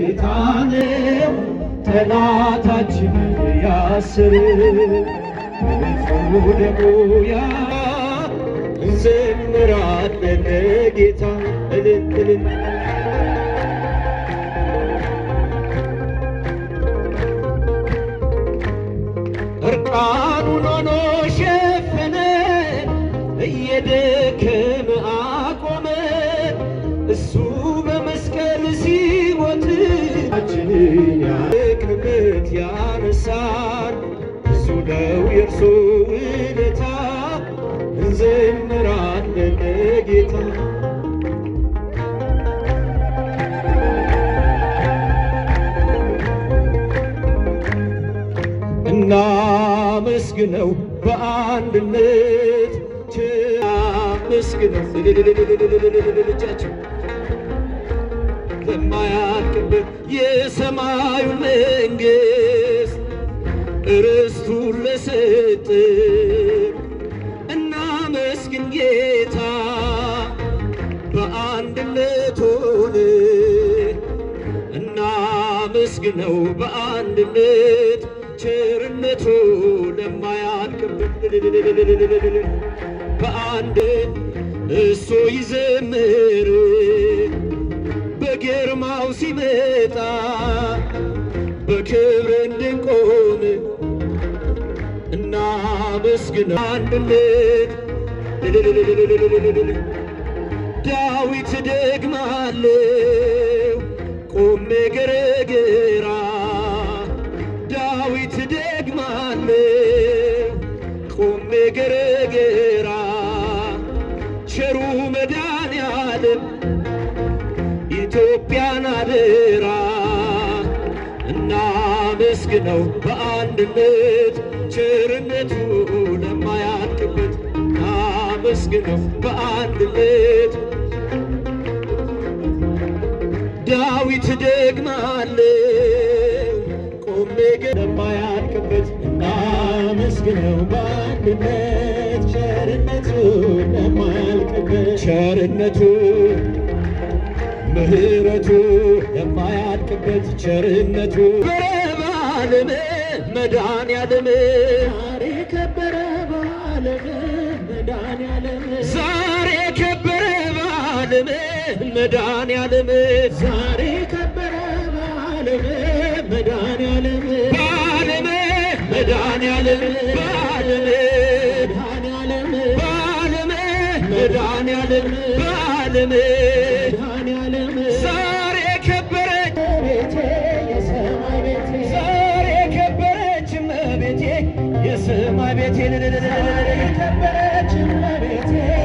ጌታንም ጠላታችንን ያስር ንጹሕ ደሙ ያ እንዘምራለን ጌታ እልልል እርቃኑን ሆኖ ሸፈነ እየደከ ምንኛ ቅምት ያነሳን እሱ ነው የእርሱ ውለታ፣ እንዘምራለን ጌታ እናመስግነው በአንድነት መስግነው ልጃቸው በማያልቅበት የሰማዩን መንግሥት ርስቱን ለሰጠን እናመስግን ጌታ በአንድነት ሆነ እናመስግነው በአንድነት ቸርነቱ ለማያልቅበት በአንድ እሱ ይዘምር ግርማው ሲመጣ በክብር እንድንቆም እናመስግን አንድነት ዳዊት ደግማለው ቆሜ ገረገራ ዳዊት ደግማለው ቆሜ ገረገራ የኢትዮጵያን አደራ እናመስግነው በአንድነት ቸርነቱ ለማያልቅበት እናመስግነው በአንድነት ዳዊት ደግማለ ቆሜ ግን ለማያልቅበት እናመስግነው በአንድነት ቸርነቱ ለማያልቅበት ቸርነቱ ምህረቱ የማያልቅበት ቸርነቱ በረባ ዓለም መዳን ያለም ዛሬ ከበረ ባለም መዳን ያለም ዛሬ ከበረ ባለም መዳን ያለም ዛሬ ከበረ ባለም መዳን ያለም ባለም መዳን ያለም ባለም መዳን ያለም ባለም መዳን ያለም ባለም Meditate, meditate, meditate.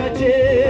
যাচ্ছে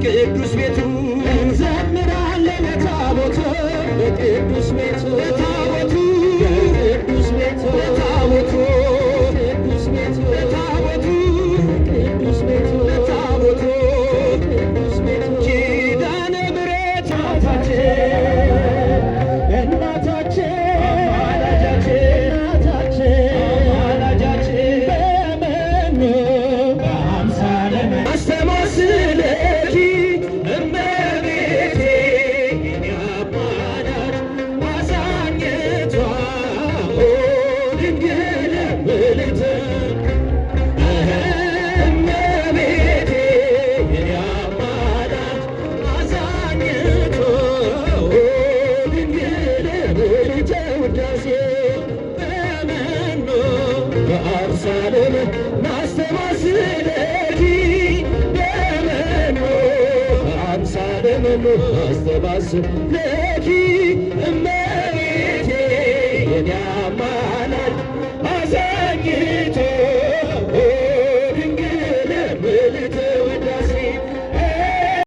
በቅዱስ ቤቱ ዘምራለን ታቦተ በቅዱስ ቤቱ አስተባስብ ለኪ እመቤቴ የሚያማ